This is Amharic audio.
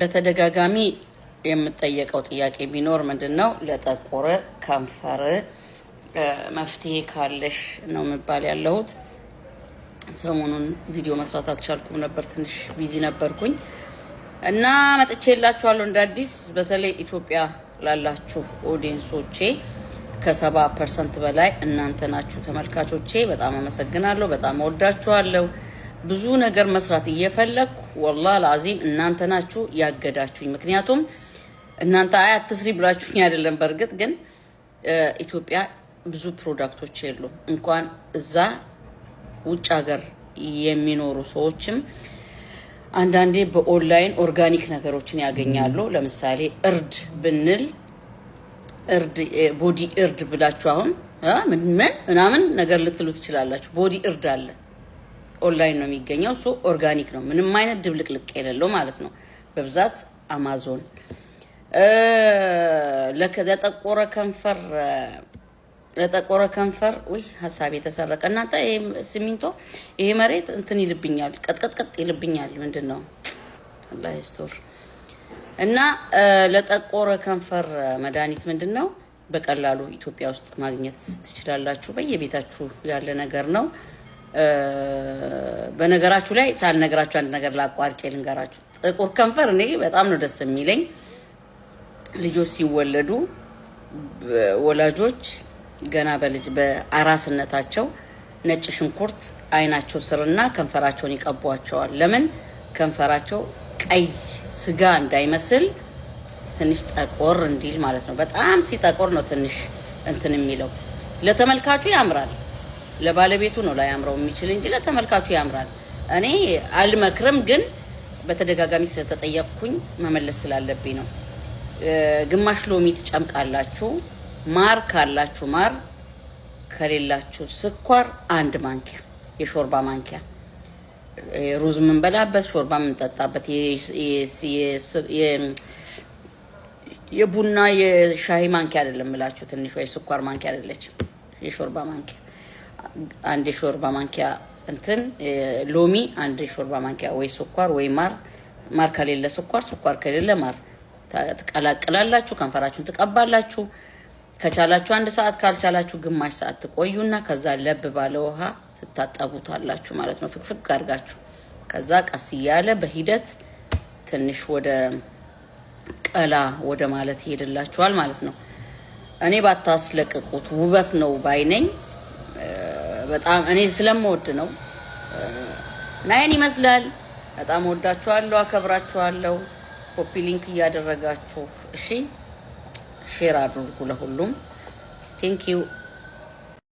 በተደጋጋሚ የምጠየቀው ጥያቄ ቢኖር ምንድን ነው ለጠቆረ ከንፈር መፍትሄ ካለሽ ነው የምባል ያለሁት። ሰሞኑን ቪዲዮ መስራት አልቻልኩም ነበር፣ ትንሽ ቢዚ ነበርኩኝ እና መጥቼ የላችኋለሁ እንደ አዲስ። በተለይ ኢትዮጵያ ላላችሁ ኦዲየንሶቼ ከሰባ ፐርሰንት በላይ እናንተ ናችሁ ተመልካቾቼ። በጣም አመሰግናለሁ። በጣም ወዳችኋለሁ። ብዙ ነገር መስራት እየፈለግኩ ወላ ለአዚም እናንተ ናችሁ ያገዳችሁኝ። ምክንያቱም እናንተ አይ አትስሪ ብላችሁኝ አይደለም። በእርግጥ ግን ኢትዮጵያ ብዙ ፕሮዳክቶች የሉም። እንኳን እዛ ውጭ ሀገር የሚኖሩ ሰዎችም አንዳንዴ በኦንላይን ኦርጋኒክ ነገሮችን ያገኛሉ። ለምሳሌ እርድ ብንል እርድ ቦዲ እርድ ብላችሁ አሁን ምን ምን ምናምን ነገር ልትሉ ትችላላችሁ። ቦዲ እርድ አለ ኦንላይን ነው የሚገኘው። እሱ ኦርጋኒክ ነው፣ ምንም አይነት ድብልቅልቅ የሌለው ማለት ነው። በብዛት አማዞን ለጠቆረ ከንፈር ለጠቆረ ከንፈር ወይ ሀሳብ የተሰረቀ እናንተ ሲሚንቶ ይሄ መሬት እንትን ይልብኛል፣ ቀጥቀጥቀጥ ይልብኛል። ምንድን ነው አላህ ስቶር እና ለጠቆረ ከንፈር መድኃኒት ምንድን ነው? በቀላሉ ኢትዮጵያ ውስጥ ማግኘት ትችላላችሁ። በየቤታችሁ ያለ ነገር ነው። በነገራችሁ ላይ ሳልነግራችሁ አንድ ነገር ላቋርጬ ልንገራችሁ። ጥቁር ከንፈር እኔ በጣም ነው ደስ የሚለኝ። ልጆች ሲወለዱ ወላጆች ገና በልጅ በአራስነታቸው ነጭ ሽንኩርት አይናቸው ስርና ከንፈራቸውን ይቀቧቸዋል። ለምን ከንፈራቸው ቀይ ስጋ እንዳይመስል ትንሽ ጠቆር እንዲል ማለት ነው። በጣም ሲጠቆር ነው ትንሽ እንትን የሚለው። ለተመልካቹ ያምራል ለባለቤቱ ነው ላይ የሚችል እንጂ ለተመልካቹ ያምራል። እኔ አልመክርም፣ ግን በተደጋጋሚ ስለተጠየቅኩኝ መመለስ ስላለብኝ ነው። ግማሽ ሎሚ ትጨምቃላችሁ። ማር ካላችሁ ማር፣ ከሌላችሁ ስኳር አንድ ማንኪያ የሾርባ ማንኪያ ሩዝ የምንበላበት ሾርባ የምንጠጣበት የቡና የሻሂ ማንኪያ አይደለም ምላችሁ ወይ የስኳር ማንኪያ አይደለች፣ የሾርባ ማንኪያ አንድ ሾርባ ማንኪያ እንትን ሎሚ፣ አንድ ሾርባ ማንኪያ ወይ ስኳር ወይ ማር፣ ማር ከሌለ ስኳር፣ ስኳር ከሌለ ማር ትቀላቅላላችሁ። ከንፈራችሁን ትቀባላችሁ። ከቻላችሁ አንድ ሰዓት ካልቻላችሁ ግማሽ ሰዓት ትቆዩና ከዛ ለብ ባለ ውሃ ትታጠቡታላችሁ ማለት ነው። ፍቅፍቅ አድርጋችሁ ከዛ ቀስ እያለ በሂደት ትንሽ ወደ ቀላ ወደ ማለት ይሄድላችኋል ማለት ነው። እኔ ባታስለቅቁት ውበት ነው ባይነኝ። በጣም እኔ ስለምወድ ነው ናይን ይመስላል። በጣም ወዳችኋለሁ፣ አከብራችኋለሁ። ኮፒ ሊንክ እያደረጋችሁ እሺ፣ ሼር አድርጉ ለሁሉም። ዩ